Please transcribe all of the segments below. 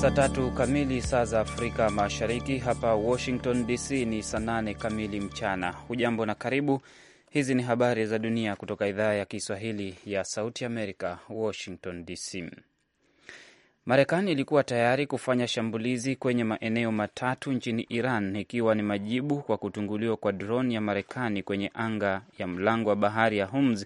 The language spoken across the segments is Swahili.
saa tatu kamili saa za Afrika Mashariki. Hapa Washington DC ni saa nane kamili mchana. Hujambo na karibu. Hizi ni habari za dunia kutoka idhaa ya Kiswahili ya Sauti Amerika, Washington DC. Marekani ilikuwa tayari kufanya shambulizi kwenye maeneo matatu nchini Iran ikiwa ni majibu kwa kutunguliwa kwa droni ya Marekani kwenye anga ya mlango wa bahari ya Hormuz,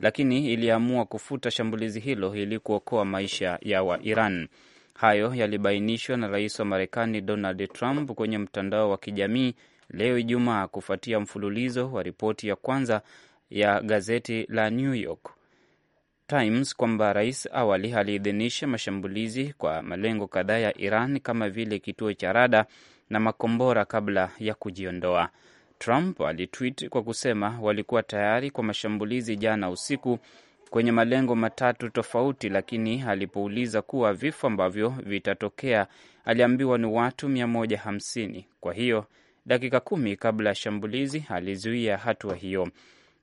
lakini iliamua kufuta shambulizi hilo ili kuokoa maisha ya Wairan. Hayo yalibainishwa na rais wa Marekani Donald Trump kwenye mtandao wa kijamii leo Ijumaa, kufuatia mfululizo wa ripoti ya kwanza ya gazeti la New York Times kwamba rais awali aliidhinisha mashambulizi kwa malengo kadhaa ya Iran kama vile kituo cha rada na makombora kabla ya kujiondoa. Trump alitwit kwa kusema walikuwa tayari kwa mashambulizi jana usiku kwenye malengo matatu tofauti, lakini alipouliza kuwa vifo ambavyo vitatokea aliambiwa ni watu 150. Kwa hiyo dakika kumi kabla ya shambulizi alizuia hatua hiyo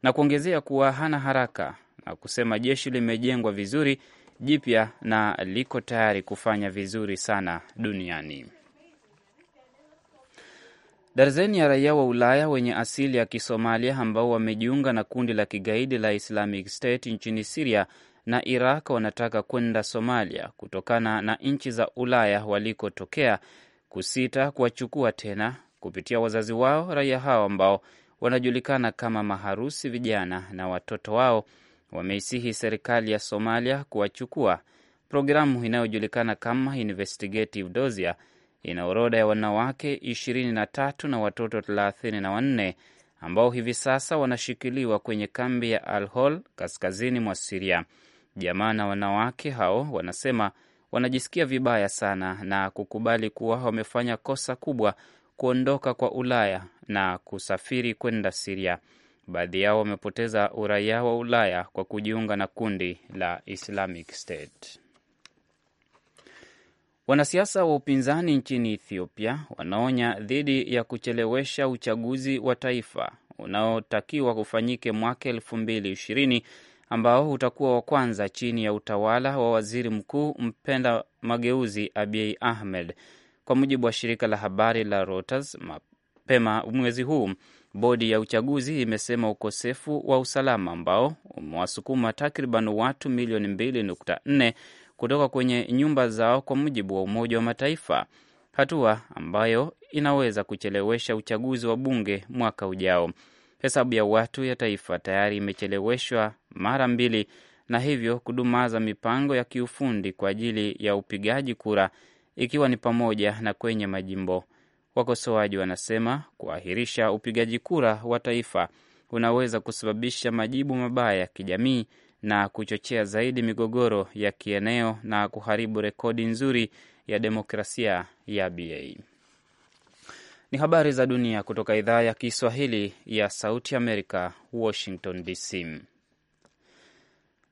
na kuongezea kuwa hana haraka na kusema jeshi limejengwa vizuri jipya na liko tayari kufanya vizuri sana duniani. Darzeni ya raia wa Ulaya wenye asili ya Kisomalia ambao wamejiunga na kundi la kigaidi la Islamic State nchini Siria na Iraq wanataka kwenda Somalia kutokana na nchi za Ulaya walikotokea kusita kuwachukua tena kupitia wazazi wao. Raia hao ambao wanajulikana kama maharusi, vijana na watoto wao, wameisihi serikali ya Somalia kuwachukua. Programu inayojulikana kama Investigative Dosia ina orodha ya wanawake ishirini na tatu na watoto thelathini na wanne ambao hivi sasa wanashikiliwa kwenye kambi ya Al Hol kaskazini mwa Siria. Jamaa na wanawake hao wanasema wanajisikia vibaya sana na kukubali kuwa wamefanya kosa kubwa kuondoka kwa Ulaya na kusafiri kwenda Siria. Baadhi yao wamepoteza uraia wa Ulaya kwa kujiunga na kundi la Islamic State. Wanasiasa wa upinzani nchini Ethiopia wanaonya dhidi ya kuchelewesha uchaguzi wa taifa unaotakiwa kufanyike mwaka elfu mbili ishirini ambao utakuwa wa kwanza chini ya utawala wa waziri mkuu mpenda mageuzi Abiy Ahmed. Kwa mujibu wa shirika la habari la Reuters, mapema mwezi huu bodi ya uchaguzi imesema ukosefu wa usalama ambao umewasukuma takriban watu milioni 2.4 kutoka kwenye nyumba zao kwa mujibu wa Umoja wa Mataifa, hatua ambayo inaweza kuchelewesha uchaguzi wa bunge mwaka ujao. Hesabu ya watu ya taifa tayari imecheleweshwa mara mbili na hivyo kudumaza mipango ya kiufundi kwa ajili ya upigaji kura, ikiwa ni pamoja na kwenye majimbo. Wakosoaji wanasema kuahirisha upigaji kura wa taifa unaweza kusababisha majibu mabaya ya kijamii na kuchochea zaidi migogoro ya kieneo na kuharibu rekodi nzuri ya demokrasia ya BA. Ni habari za dunia kutoka idhaa ya Kiswahili ya Sauti Amerika, Washington DC.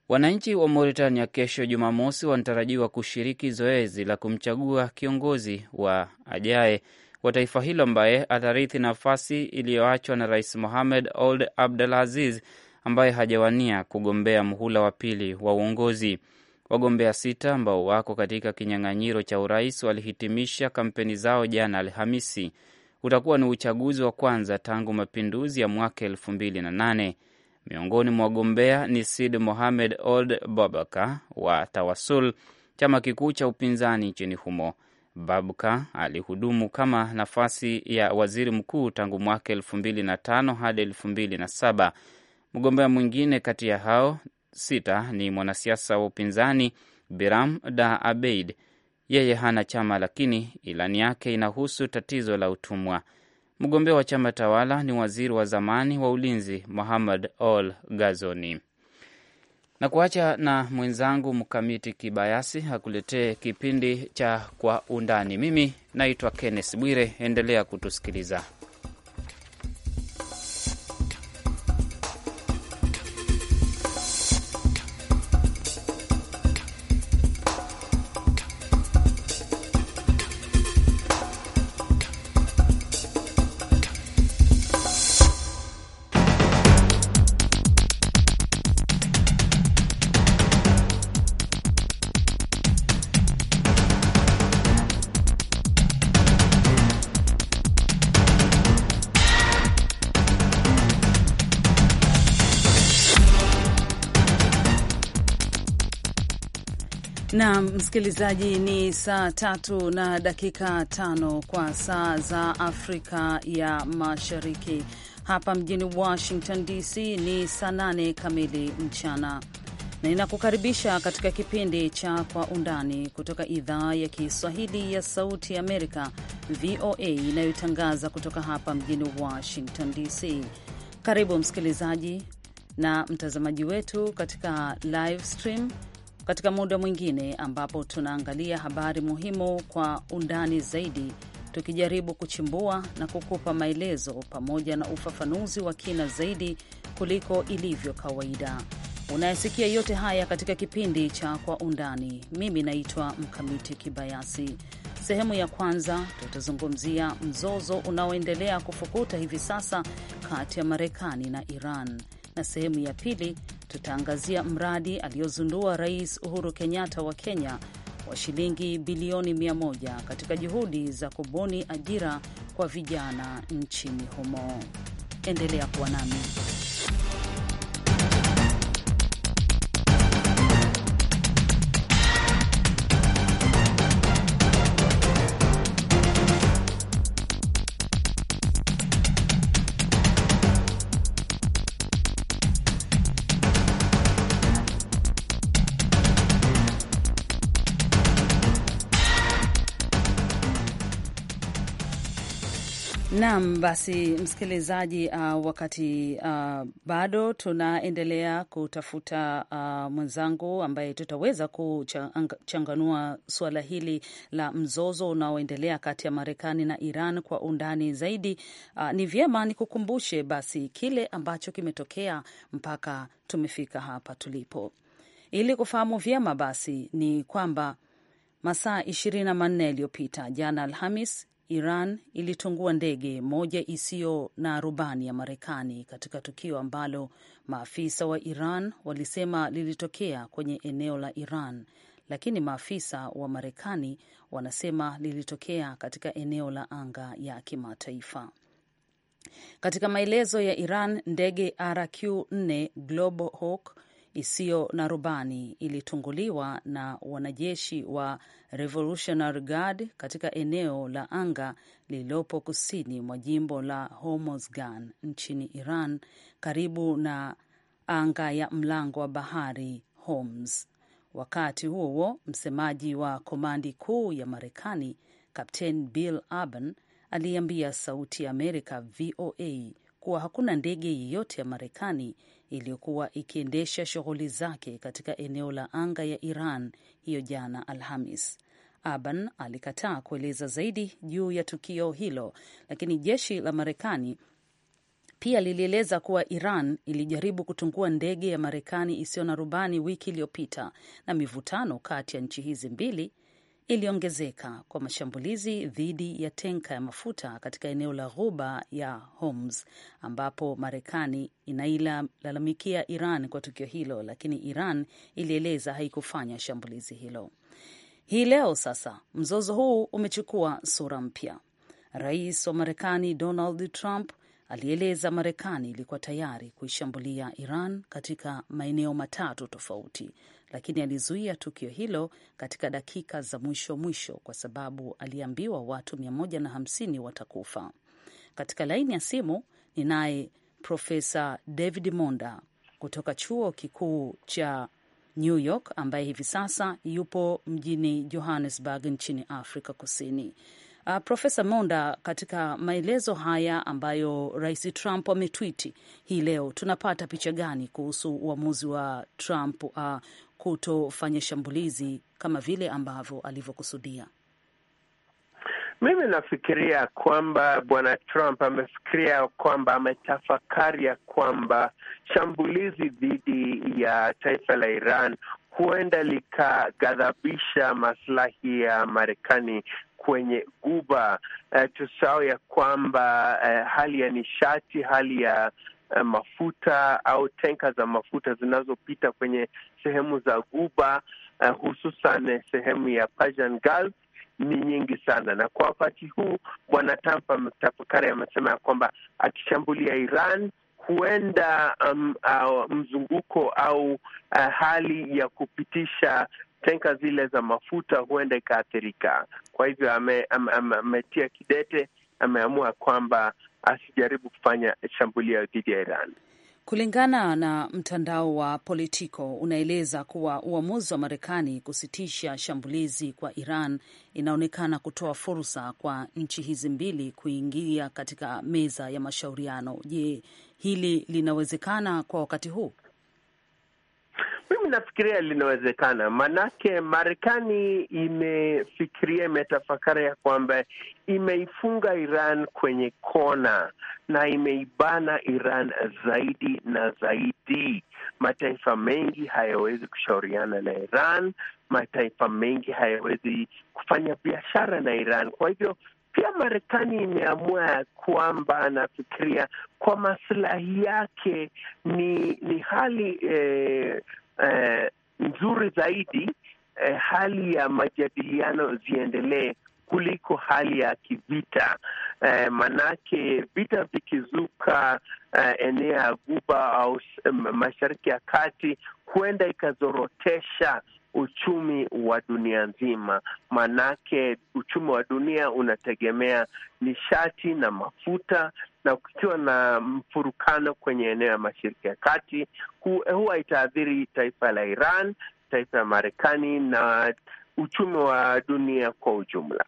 Wananchi wa Mauritania kesho Jumamosi wanatarajiwa kushiriki zoezi la kumchagua kiongozi wa ajaye wa taifa hilo ambaye atarithi nafasi iliyoachwa na Rais Mohamed Ould Abdel Aziz ambaye hajawania kugombea muhula wa pili wa uongozi. Wagombea sita ambao wako katika kinyang'anyiro cha urais walihitimisha kampeni zao jana Alhamisi. Utakuwa ni uchaguzi wa kwanza tangu mapinduzi ya mwaka elfu mbili na nane. Miongoni mwa wagombea ni Sid Mohamed Old Babaka wa Tawasul, chama kikuu cha upinzani nchini humo. Babka alihudumu kama nafasi ya waziri mkuu tangu mwaka elfu mbili na tano hadi elfu mbili na saba Mgombea mwingine kati ya hao sita ni mwanasiasa wa upinzani Biram Da Abeid. Yeye hana chama, lakini ilani yake inahusu tatizo la utumwa. Mgombea wa chama tawala ni waziri wa zamani wa ulinzi Muhammad Ol Gazoni. Na kuacha na mwenzangu Mkamiti Kibayasi akuletee kipindi cha Kwa Undani. Mimi naitwa Kenneth Bwire, endelea kutusikiliza. na msikilizaji, ni saa tatu na dakika tano kwa saa za Afrika ya Mashariki. Hapa mjini Washington DC ni saa nane kamili mchana, na ninakukaribisha katika kipindi cha Kwa Undani kutoka idhaa ya Kiswahili ya Sauti Amerika, VOA, inayotangaza kutoka hapa mjini Washington DC. Karibu msikilizaji na mtazamaji wetu katika live stream katika muda mwingine ambapo tunaangalia habari muhimu kwa undani zaidi, tukijaribu kuchimbua na kukupa maelezo pamoja na ufafanuzi wa kina zaidi kuliko ilivyo kawaida. Unayesikia yote haya katika kipindi cha Kwa Undani. Mimi naitwa Mkamiti Kibayasi. Sehemu ya kwanza tutazungumzia mzozo unaoendelea kufukuta hivi sasa kati ya Marekani na Iran na sehemu ya pili tutaangazia mradi aliozundua Rais Uhuru Kenyatta wa Kenya wa shilingi bilioni 1 katika juhudi za kubuni ajira kwa vijana nchini humo. Endelea kuwa nami. Naam, basi msikilizaji, uh, wakati uh, bado tunaendelea kutafuta uh, mwenzangu ambaye tutaweza kuchanganua suala hili la mzozo unaoendelea kati ya Marekani na Iran kwa undani zaidi. Uh, ni vyema nikukumbushe basi kile ambacho kimetokea mpaka tumefika hapa tulipo, ili kufahamu vyema basi ni kwamba masaa ishirini na manne yaliyopita jana Alhamis Iran ilitungua ndege moja isiyo na rubani ya Marekani katika tukio ambalo maafisa wa Iran walisema lilitokea kwenye eneo la Iran, lakini maafisa wa Marekani wanasema lilitokea katika eneo la anga ya kimataifa. Katika maelezo ya Iran, ndege RQ4 Global Hawk isiyo na rubani ilitunguliwa na wanajeshi wa Revolutionary Guard katika eneo la anga lililopo kusini mwa jimbo la Hormozgan nchini Iran, karibu na anga ya mlango wa bahari Hormuz. Wakati huo huo, msemaji wa komandi kuu ya Marekani Captain Bill Urban aliambia Sauti ya Amerika VOA kuwa hakuna ndege yeyote ya Marekani iliyokuwa ikiendesha shughuli zake katika eneo la anga ya Iran hiyo jana Alhamis. Aban alikataa kueleza zaidi juu ya tukio hilo, lakini jeshi la Marekani pia lilieleza kuwa Iran ilijaribu kutungua ndege ya Marekani isiyo na rubani wiki iliyopita na mivutano kati ya nchi hizi mbili iliongezeka kwa mashambulizi dhidi ya tenka ya mafuta katika eneo la ghuba ya Hormuz, ambapo Marekani inailalamikia Iran kwa tukio hilo, lakini Iran ilieleza haikufanya shambulizi hilo. Hii leo sasa mzozo huu umechukua sura mpya. Rais wa Marekani Donald Trump alieleza Marekani ilikuwa tayari kuishambulia Iran katika maeneo matatu tofauti, lakini alizuia tukio hilo katika dakika za mwisho mwisho kwa sababu aliambiwa watu 150 watakufa. Katika laini ya simu ninaye Profesa David Monda kutoka chuo kikuu cha New York ambaye hivi sasa yupo mjini Johannesburg nchini Afrika Kusini. Uh, Profesa Monda, katika maelezo haya ambayo Rais Trump ametwiti hii leo, tunapata picha gani kuhusu uamuzi wa Trump uh, kutofanya shambulizi kama vile ambavyo alivyokusudia? Mimi nafikiria kwamba bwana Trump amefikiria kwamba ametafakari ya kwamba shambulizi dhidi ya taifa la Iran huenda likaghadhabisha maslahi ya Marekani kwenye Guba. Uh, eh, tusao ya kwamba uh, hali ya nishati, hali ya Eh, mafuta au tenka za mafuta zinazopita kwenye sehemu za guba uh, hususan sehemu ya Persian Gulf ni nyingi sana, na kwa wakati huu bwana Trump ametafakari, amesema ya kwamba akishambulia Iran huenda um, uh, mzunguko au uh, hali ya kupitisha tenka zile za mafuta huenda ikaathirika. Kwa hivyo ametia ame, ame, ame kidete, ameamua kwamba asijaribu kufanya shambulio dhidi ya Iran. Kulingana na mtandao wa Politico unaeleza kuwa uamuzi wa Marekani kusitisha shambulizi kwa Iran inaonekana kutoa fursa kwa nchi hizi mbili kuingia katika meza ya mashauriano. Je, hili linawezekana kwa wakati huu? Mimi nafikiria linawezekana, manake Marekani imefikiria, imetafakari ya kwamba imeifunga Iran kwenye kona na imeibana Iran zaidi na zaidi. Mataifa mengi hayawezi kushauriana na Iran, mataifa mengi hayawezi kufanya biashara na Iran. Kwa hivyo pia Marekani imeamua ya kwamba anafikiria kwa masilahi yake ni ni hali eh, eh, nzuri zaidi eh, hali ya majadiliano ziendelee kuliko hali ya kivita eh, manake vita vikizuka eh, eneo ya guba au mashariki ya kati huenda ikazorotesha uchumi wa dunia nzima, maanake uchumi wa dunia unategemea nishati na mafuta, na kukiwa na mfurukano kwenye eneo ya mashariki ya kati, huwa itaathiri taifa la Iran, taifa la Marekani na uchumi wa dunia kwa ujumla.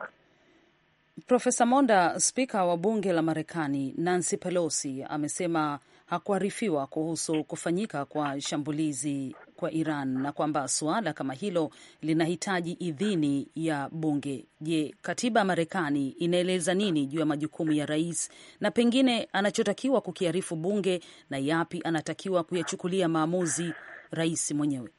Profesa Monda, spika wa bunge la Marekani Nancy Pelosi amesema hakuarifiwa kuhusu kufanyika kwa shambulizi kwa Iran na kwamba suala kama hilo linahitaji idhini ya bunge. Je, katiba ya Marekani inaeleza nini juu ya majukumu ya rais na pengine anachotakiwa kukiarifu bunge na yapi anatakiwa kuyachukulia maamuzi rais mwenyewe?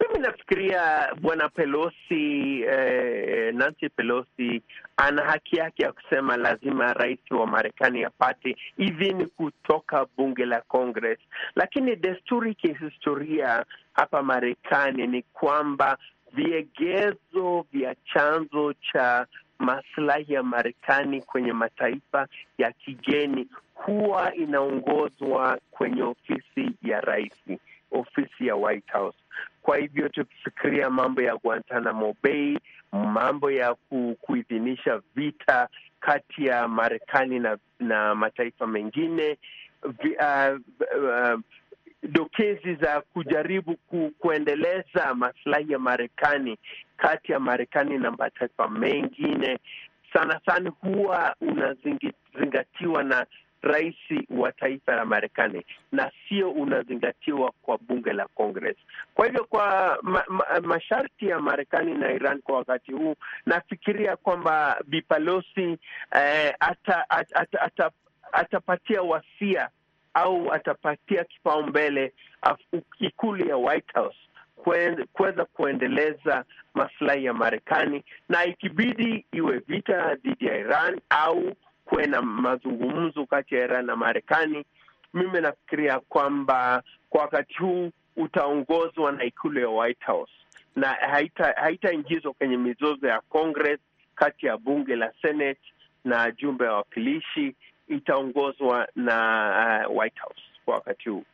Mimi nafikiria bwana Pelosi eh, Nancy Pelosi ana haki yake ya kusema lazima rais wa Marekani apate idhini kutoka bunge la Congress, lakini desturi kihistoria hapa Marekani ni kwamba viegezo vya chanzo cha maslahi ya Marekani kwenye mataifa ya kigeni huwa inaongozwa kwenye ofisi ya raisi ofisi ya White House. Kwa hivyo tukifikiria mambo ya Guantanamo Bay, mambo ya ku, kuidhinisha vita kati ya Marekani na, na mataifa mengine uh, v, uh, uh, dokezi za kujaribu ku, kuendeleza maslahi ya Marekani kati ya Marekani na mataifa mengine sana sana huwa unazingatiwa na rais wa taifa la Marekani na sio unazingatiwa kwa bunge la Congress. Kwa hivyo kwa ma, ma, masharti ya Marekani na Iran kwa wakati huu, nafikiria kwamba bipalosi eh, ata, ata, ata, ata, atapatia wasia au atapatia kipaumbele ikulu ya White House kuweza kuendeleza maslahi ya Marekani na ikibidi iwe vita dhidi ya Iran au kuwe na mazungumzo kati ya Iran na Marekani. Mimi nafikiria kwamba kwa wakati huu utaongozwa na ikulu ya White House na haitaingizwa haita kwenye mizozo ya Congress kati ya bunge la Senate na jumbe ya wakilishi itaongozwa na uh, White House kwa wakati huu.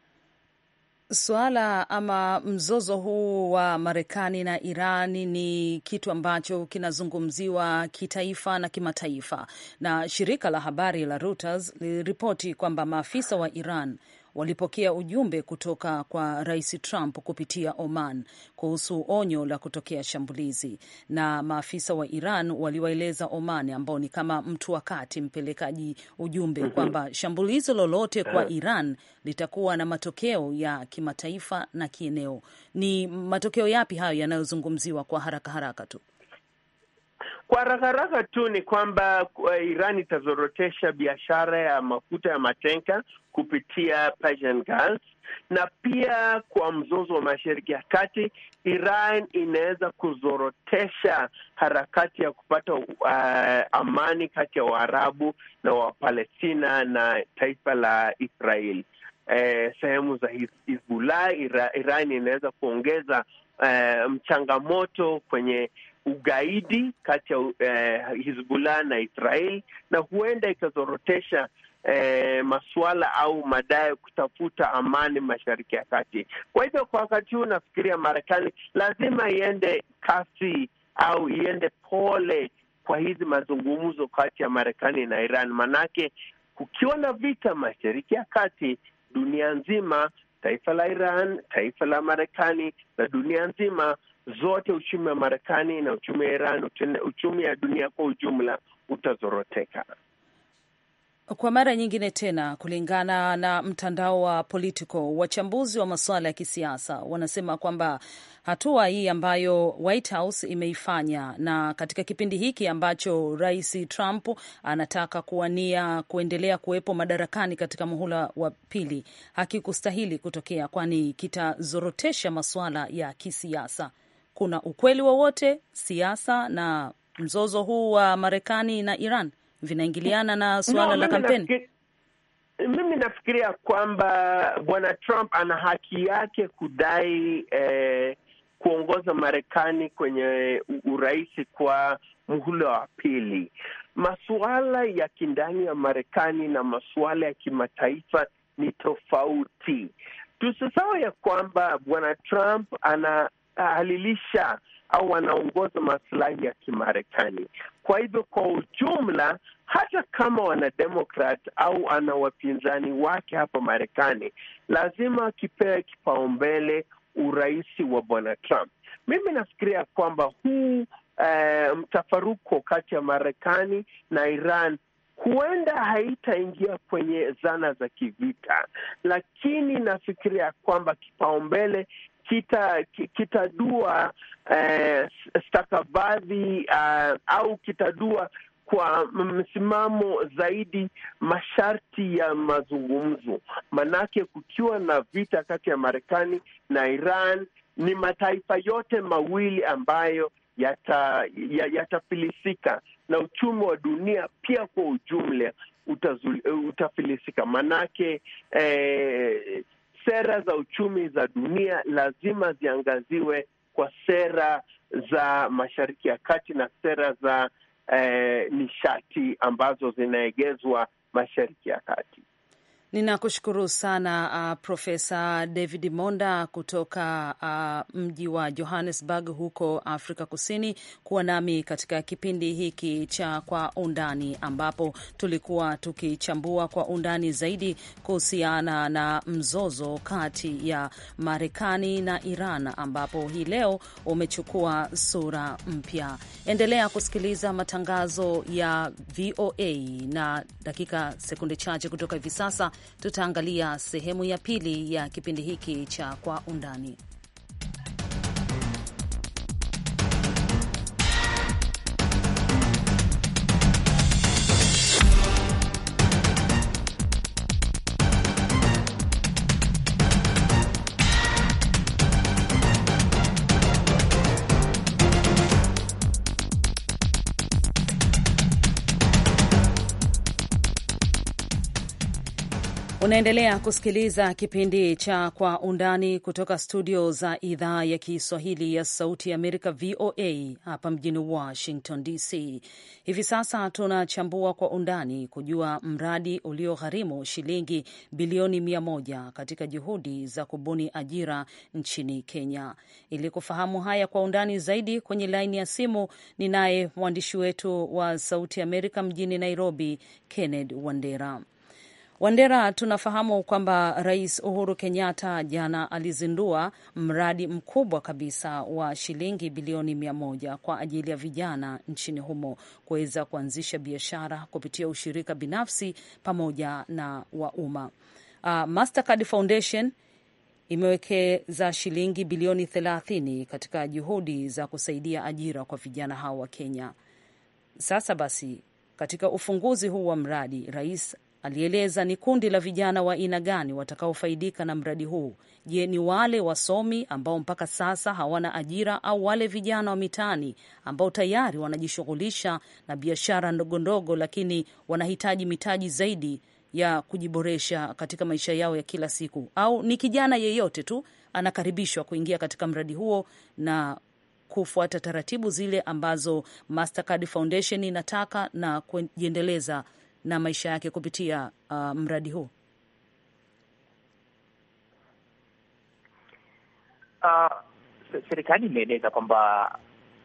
Suala ama mzozo huu wa Marekani na Iran ni kitu ambacho kinazungumziwa kitaifa na kimataifa, na shirika la habari la Reuters liliripoti kwamba maafisa wa Iran walipokea ujumbe kutoka kwa Rais Trump kupitia Oman kuhusu onyo la kutokea shambulizi, na maafisa wa Iran waliwaeleza Oman, ambao ni kama mtu wa kati, mpelekaji ujumbe, mhm. kwamba shambulizi lolote kwa eh. Iran litakuwa na matokeo ya kimataifa na kieneo. Ni matokeo yapi hayo yanayozungumziwa kwa haraka haraka tu? Kwa ragaragha tu ni kwamba Iran itazorotesha biashara ya mafuta ya matenka kupitia Persian Gulf, na pia kwa mzozo wa Mashariki ya Kati, Iran inaweza kuzorotesha harakati ya kupata uh, amani kati ya Waarabu na Wapalestina na taifa la Israeli. Eh, sehemu za Hizbullah Iran inaweza kuongeza eh, mchangamoto kwenye ugaidi kati ya eh, Hizbullah na Israel na huenda ikazorotesha eh, masuala au madai kutafuta amani mashariki ya kati. Kwa hivyo kwa wakati huu nafikiria Marekani lazima iende kasi au iende pole kwa hizi mazungumzo kati ya Marekani na Iran, manake kukiwa na vita mashariki ya kati, dunia nzima, taifa la Iran, taifa la Marekani na dunia nzima zote, uchumi wa Marekani na uchumi wa Iran, uchumi ya dunia kwa ujumla utazoroteka. Kwa mara nyingine tena, kulingana na mtandao wa Politico, wachambuzi wa masuala ya kisiasa wanasema kwamba hatua hii ambayo White House imeifanya na katika kipindi hiki ambacho Rais Trump anataka kuwania kuendelea kuwepo madarakani katika muhula wa pili hakikustahili kutokea, kwani kitazorotesha masuala ya kisiasa kuna ukweli wowote siasa na mzozo huu wa Marekani na Iran vinaingiliana na suala no, la kampeni mimi nafikiria kwamba bwana Trump ana haki yake kudai eh, kuongoza Marekani kwenye urais kwa muhula wa pili. Masuala ya kindani ya Marekani na masuala ya kimataifa ni tofauti. Tusisahau ya kwamba bwana Trump ana wanahalilisha au wanaongoza masilahi ya Kimarekani. Kwa hivyo, kwa ujumla, hata kama wanademokrat au ana wapinzani wake hapa Marekani, lazima akipea kipaumbele urahisi wa bwana Trump. Mimi nafikiria kwamba huu eh, mtafaruko kati ya Marekani na Iran huenda haitaingia kwenye zana za kivita, lakini nafikiria kwamba kipaumbele kitadua eh, stakabadhi uh, au kitadua kwa msimamo zaidi masharti ya mazungumzo. Manake kukiwa na vita kati ya Marekani na Iran, ni mataifa yote mawili ambayo yatafilisika, yata na uchumi wa dunia pia kwa ujumla utafilisika manake eh, sera za uchumi za dunia lazima ziangaziwe kwa sera za Mashariki ya Kati na sera za eh, nishati ambazo zinaegezwa Mashariki ya Kati. Ninakushukuru sana uh, Profesa David Monda kutoka uh, mji wa Johannesburg huko Afrika Kusini, kuwa nami katika kipindi hiki cha Kwa Undani, ambapo tulikuwa tukichambua kwa undani zaidi kuhusiana na mzozo kati ya Marekani na Iran, ambapo hii leo umechukua sura mpya. Endelea kusikiliza matangazo ya VOA na dakika sekunde chache kutoka hivi sasa tutaangalia sehemu ya pili ya kipindi hiki cha Kwa Undani. Unaendelea kusikiliza kipindi cha Kwa Undani kutoka studio za idhaa ya Kiswahili ya Sauti ya Amerika, VOA, hapa mjini Washington DC. Hivi sasa tunachambua kwa undani kujua mradi uliogharimu shilingi bilioni mia moja katika juhudi za kubuni ajira nchini Kenya. Ili kufahamu haya kwa undani zaidi, kwenye laini ya simu ninaye mwandishi wetu wa Sauti Amerika mjini Nairobi, Kenneth Wandera. Wandera, tunafahamu kwamba Rais Uhuru Kenyatta jana alizindua mradi mkubwa kabisa wa shilingi bilioni mia moja kwa ajili ya vijana nchini humo kuweza kuanzisha biashara kupitia ushirika binafsi pamoja na wa umma. Uh, Mastercard Foundation imewekeza shilingi bilioni 30 katika juhudi za kusaidia ajira kwa vijana hao wa Kenya. Sasa basi, katika ufunguzi huu wa mradi, rais alieleza ni kundi la vijana wa aina gani watakaofaidika na mradi huu. Je, ni wale wasomi ambao mpaka sasa hawana ajira au wale vijana wa mitaani ambao tayari wanajishughulisha na biashara ndogondogo, lakini wanahitaji mitaji zaidi ya kujiboresha katika maisha yao ya kila siku, au ni kijana yeyote tu anakaribishwa kuingia katika mradi huo na kufuata taratibu zile ambazo Mastercard Foundation inataka na kujiendeleza na maisha yake kupitia uh, mradi huu? Uh, serikali imeeleza kwamba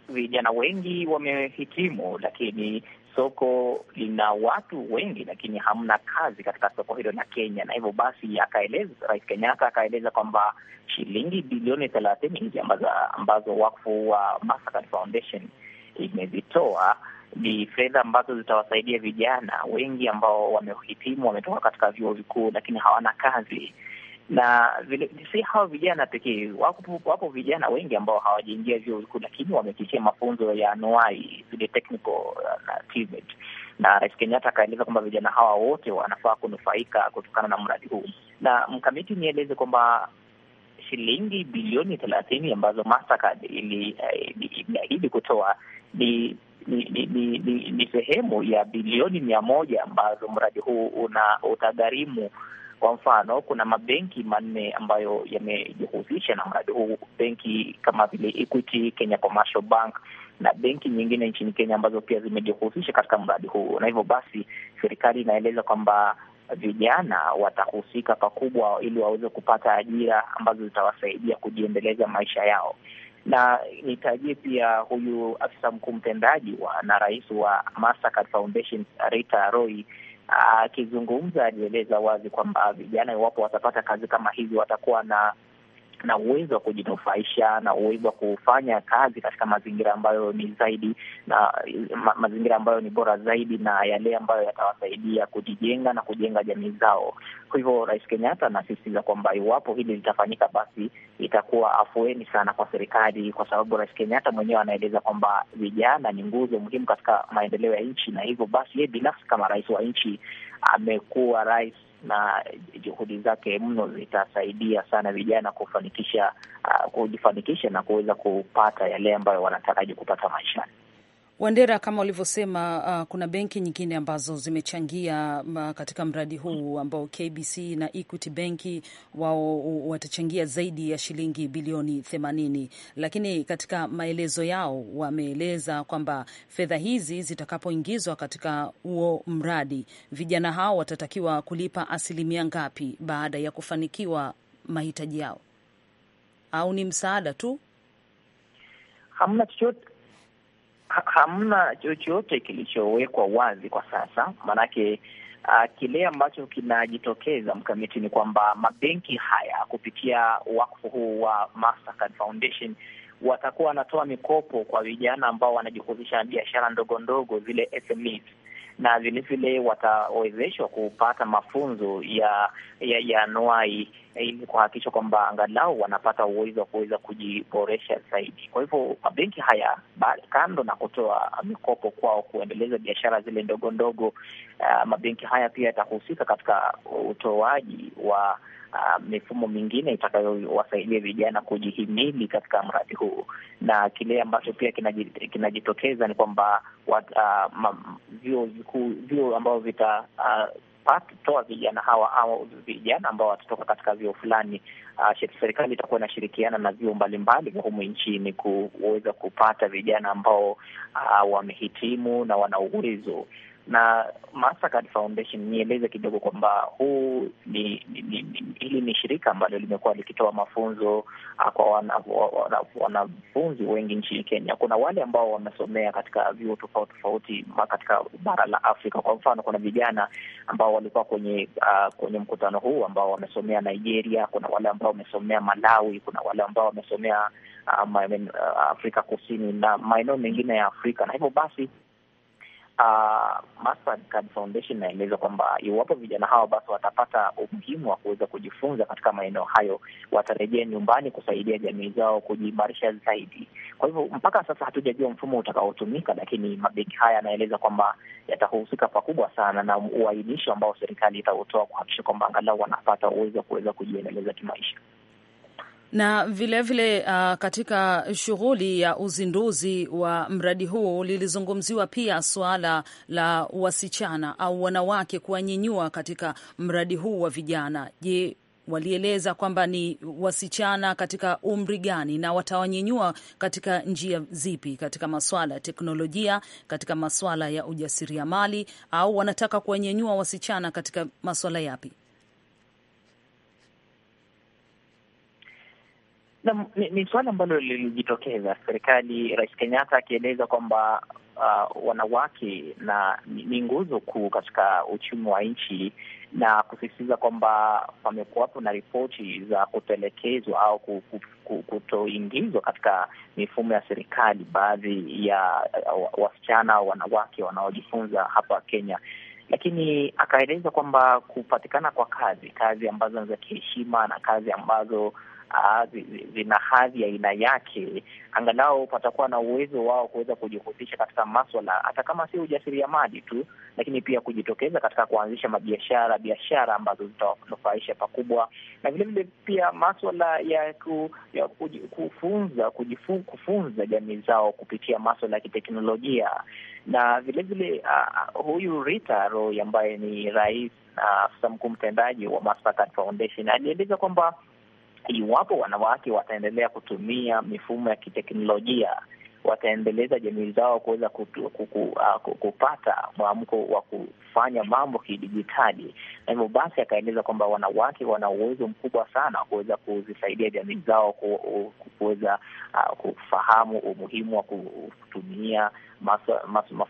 vijana wengi wamehitimu, lakini soko lina watu wengi, lakini hamna kazi katika soko hilo la Kenya. Na hivyo basi akaeleza Rais Kenyatta akaeleza kwamba shilingi bilioni thelathini hizi ambazo, ambazo wakfu wa Foundation imezitoa ni fedha ambazo zitawasaidia vijana wengi ambao wamehitimu, wametoka katika vyuo vikuu, lakini hawana kazi na vile si hawa vijana pekee, wapo, wapo vijana wengi ambao hawajaingia vyuo vikuu lakini wamepitia mafunzo ya anuai zile technical uh, na TVET, na Rais Kenyatta akaeleza kwamba vijana hawa wote wanafaa kunufaika kutokana na mradi huu. Na mkamiti, nieleze kwamba shilingi bilioni thelathini ambazo Mastercard iliahidi eh, ili, kutoa ni ni, ni, ni, ni, ni sehemu ya bilioni mia moja ambazo mradi huu una utagharimu. Kwa mfano, kuna mabenki manne ambayo yamejihusisha na mradi huu, benki kama vile Equity, Kenya Commercial Bank na benki nyingine nchini Kenya ambazo pia zimejihusisha katika mradi huu, na hivyo basi serikali inaeleza kwamba vijana watahusika pakubwa ili waweze kupata ajira ambazo zitawasaidia kujiendeleza maisha yao na nitajie pia huyu afisa mkuu mtendaji wa na rais wa Mastercard Foundation Rita Roy akizungumza, alieleza wazi kwamba vijana iwapo watapata kazi kama hizi watakuwa na na uwezo wa kujinufaisha na uwezo wa kufanya kazi katika mazingira ambayo ni zaidi na ma, mazingira ambayo ni bora zaidi na yale ambayo yatawasaidia kujijenga na kujenga jamii zao. Kwa hivyo Rais Kenyatta anasisitiza kwamba iwapo hili litafanyika, basi itakuwa afueni sana kwa serikali, kwa sababu Rais Kenyatta mwenyewe anaeleza kwamba vijana ni nguzo muhimu katika maendeleo ya nchi, na hivyo basi yeye binafsi kama rais wa nchi amekuwa rais na juhudi zake mno zitasaidia sana vijana kufanikisha uh, kujifanikisha na kuweza kupata yale ambayo wanataraji kupata maishani. Wandera, kama ulivyosema, uh, kuna benki nyingine ambazo zimechangia uh, katika mradi huu ambao KBC na Equity benki wao watachangia zaidi ya shilingi bilioni themanini, lakini katika maelezo yao wameeleza kwamba fedha hizi zitakapoingizwa katika huo mradi, vijana hao watatakiwa kulipa asilimia ngapi baada ya kufanikiwa mahitaji yao, au ni msaada tu? Hamna chochote hamna chochote kilichowekwa wazi kwa sasa, maanake uh, kile ambacho kinajitokeza mkamiti ni kwamba mabenki haya kupitia wakfu huu wa Mastercard Foundation watakuwa wanatoa mikopo kwa vijana ambao wanajihusisha na biashara ndogo ndogo, zile SMEs na vilevile watawezeshwa kupata mafunzo ya ya, ya anuai eh, ili kuhakikisha kwamba angalau wanapata uwezo wa kuweza kujiboresha zaidi. Kwa hivyo mabenki haya kando na kutoa mikopo kwao kuendeleza biashara zile ndogo ndogo, uh, mabenki haya pia yatahusika katika utoaji wa uh, mifumo mingine itakayowasaidia vijana kujihimili katika mradi huu, na kile ambacho pia kinajitokeza ni kwamba uh, vyuo vikuu, vyuo ambavyo vita uh, toa vijana hawa au vijana ambao watatoka katika vyuo fulani. Uh, serikali itakuwa inashirikiana na vyuo mbalimbali vya humu nchini kuweza kupata vijana ambao uh, wamehitimu na wana uwezo na Mastercard Foundation. Nieleze kidogo kwamba huu ni, ni, ni, ni, hili ni shirika ambalo limekuwa likitoa mafunzo ah, kwa wanafunzi wengi nchini Kenya. Kuna wale ambao wamesomea katika vyuo tofauti tofauti katika bara la Afrika. Kwa mfano, kuna vijana ambao walikuwa kwenye uh, kwenye mkutano huu ambao wamesomea Nigeria, kuna wale ambao wamesomea Malawi, kuna wale ambao wamesomea uh, Afrika Kusini na maeneo mengine ya Afrika, na hivyo basi uh, Foundation inaeleza kwamba iwapo vijana hawa basi watapata umuhimu wa kuweza kujifunza katika maeneo hayo, watarejea nyumbani kusaidia jamii zao kujiimarisha zaidi. Kwa hivyo mpaka sasa hatujajua mfumo utakaotumika, lakini mabenki haya yanaeleza kwamba yatahusika pakubwa sana na uainisho ambao serikali itautoa kuhakikisha kwamba angalau wanapata uwezo wa kuweza kujiendeleza kimaisha na vilevile vile, uh, katika shughuli ya uzinduzi wa mradi huu lilizungumziwa pia suala la wasichana au wanawake kuwanyinyua katika mradi huu wa vijana. Je, walieleza kwamba ni wasichana katika umri gani na watawanyinyua katika njia zipi, katika maswala ya teknolojia, katika maswala ya ujasiriamali, au wanataka kuwanyinyua wasichana katika maswala yapi? na, ni, ni suala ambalo lilijitokeza, serikali Rais Kenyatta akieleza kwamba uh, wanawake na ni nguzo kuu katika uchumi wa nchi na kusisitiza kwamba pamekuwapo na ripoti za kutelekezwa au kutoingizwa katika mifumo ya serikali baadhi ya uh, wasichana au wanawake wanaojifunza hapa Kenya. Lakini akaeleza kwamba kupatikana kwa kazi, kazi ambazo ni za kiheshima na kazi ambazo Ah, zina hadhi ya aina yake, angalau patakuwa na uwezo wao kuweza kujihusisha katika maswala hata kama ujasiria ujasiriamali tu, lakini pia kujitokeza katika kuanzisha mabiashara biashara ambazo zitawanufaisha pakubwa, na vilevile pia maswala ya, ku, ya kufunza kujifu, kufunza jamii zao kupitia maswala ya kiteknolojia na vilevile uh, huyu Rita Roy ambaye ni rais na uh, afisa mkuu mtendaji wa Mastercard Foundation alieleza kwamba Iwapo wanawake wataendelea kutumia mifumo ya kiteknolojia, wataendeleza jamii zao kuweza ah, kupata mwamko wa kufanya mambo kidijitali, na hivyo basi akaeleza kwamba wanawake wana uwezo mkubwa sana wa kuweza kuzisaidia jamii zao kuweza ah, kufahamu umuhimu wa kutumia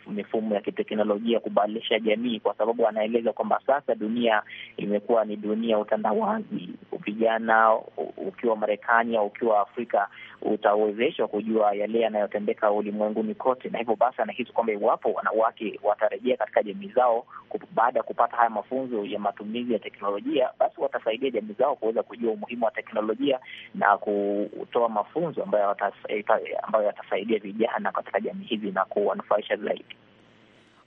mifumo ya kiteknolojia kubadilisha jamii, kwa sababu anaeleza kwamba sasa dunia imekuwa ni dunia utandawazi. Vijana ukiwa Marekani au ukiwa Afrika utawezeshwa kujua yale yanayotendeka ulimwenguni kote, na hivyo basi anahisi kwamba iwapo wanawake watarejea katika jamii zao baada ya kupata haya mafunzo ya matumizi ya teknolojia, basi watasaidia jamii zao kuweza kujua umuhimu wa teknolojia na kutoa mafunzo ambayo, ambayo yatasaidia vijana katika jamii hizi na ku kuwanufaisha zaidi.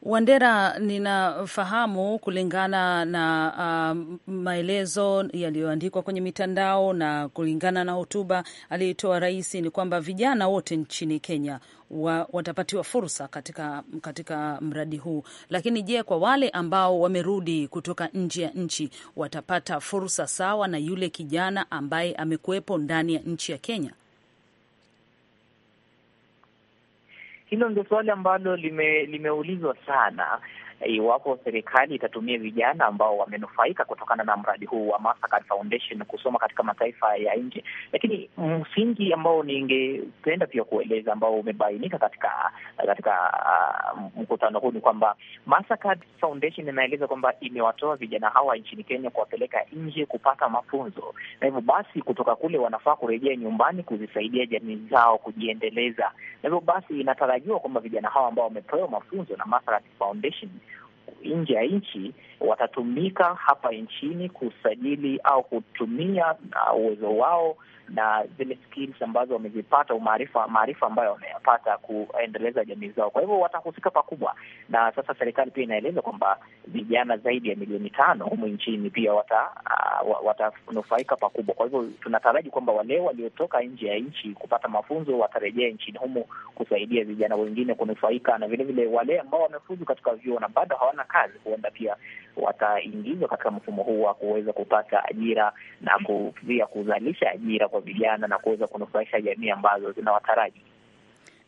Wandera, ninafahamu kulingana na uh, maelezo yaliyoandikwa kwenye mitandao na kulingana na hotuba aliyoitoa rais, ni kwamba vijana wote nchini Kenya wa, watapatiwa fursa katika, katika mradi huu. Lakini je, kwa wale ambao wamerudi kutoka nje ya nchi watapata fursa sawa na yule kijana ambaye amekuwepo ndani ya nchi ya Kenya? Hilo ndio swali ambalo lime, limeulizwa sana iwapo serikali itatumia vijana ambao wamenufaika kutokana na mradi huu wa Mastercard Foundation kusoma katika mataifa ya nje. Lakini msingi ambao ningependa pia kueleza ambao umebainika katika katika uh, mkutano huu ni kwamba Mastercard Foundation inaeleza kwamba imewatoa vijana hawa nchini Kenya kuwapeleka nje kupata mafunzo, na hivyo basi kutoka kule wanafaa kurejea nyumbani kuzisaidia jamii zao kujiendeleza, na hivyo basi inatarajiwa kwamba vijana hawa ambao wamepewa mafunzo na Mastercard Foundation nje ya nchi watatumika hapa nchini kusajili au kutumia uh, uwezo wao na zile skills ambazo wamezipata, umaarifa maarifa ambayo wameyapata kuendeleza jamii zao. Kwa hivyo watahusika pakubwa, na sasa serikali pia inaeleza kwamba vijana zaidi ya milioni tano humu nchini pia uh, watanufaika uh, wata pakubwa. Kwa hivyo tunataraji kwamba wale waliotoka nje ya nchi kupata mafunzo watarejea nchini humu kusaidia vijana wengine kunufaika, na vilevile wale ambao wamefuzu katika vyuo na bado hawana kazi, huenda pia wataingizwa katika mfumo huu wa kuweza kupata ajira na pia kuzalisha ajira kwa vijana na kuweza kunufaisha jamii ambazo zinawataraji.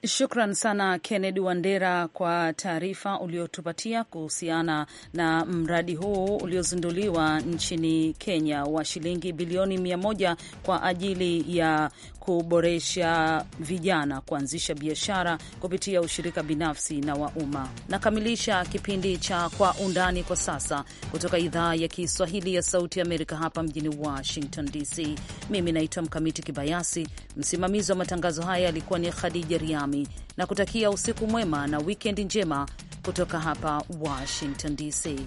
Shukran sana Kennedy Wandera kwa taarifa uliotupatia kuhusiana na mradi huu uliozinduliwa nchini Kenya wa shilingi bilioni mia moja kwa ajili ya kuboresha vijana kuanzisha biashara kupitia ushirika binafsi na wa umma. Nakamilisha kipindi cha Kwa Undani kwa sasa kutoka idhaa ya Kiswahili ya Sauti Amerika hapa mjini Washington DC. Mimi naitwa Mkamiti Kibayasi, msimamizi wa matangazo haya alikuwa ni Khadija Riami, na kutakia usiku mwema na wikendi njema kutoka hapa Washington DC.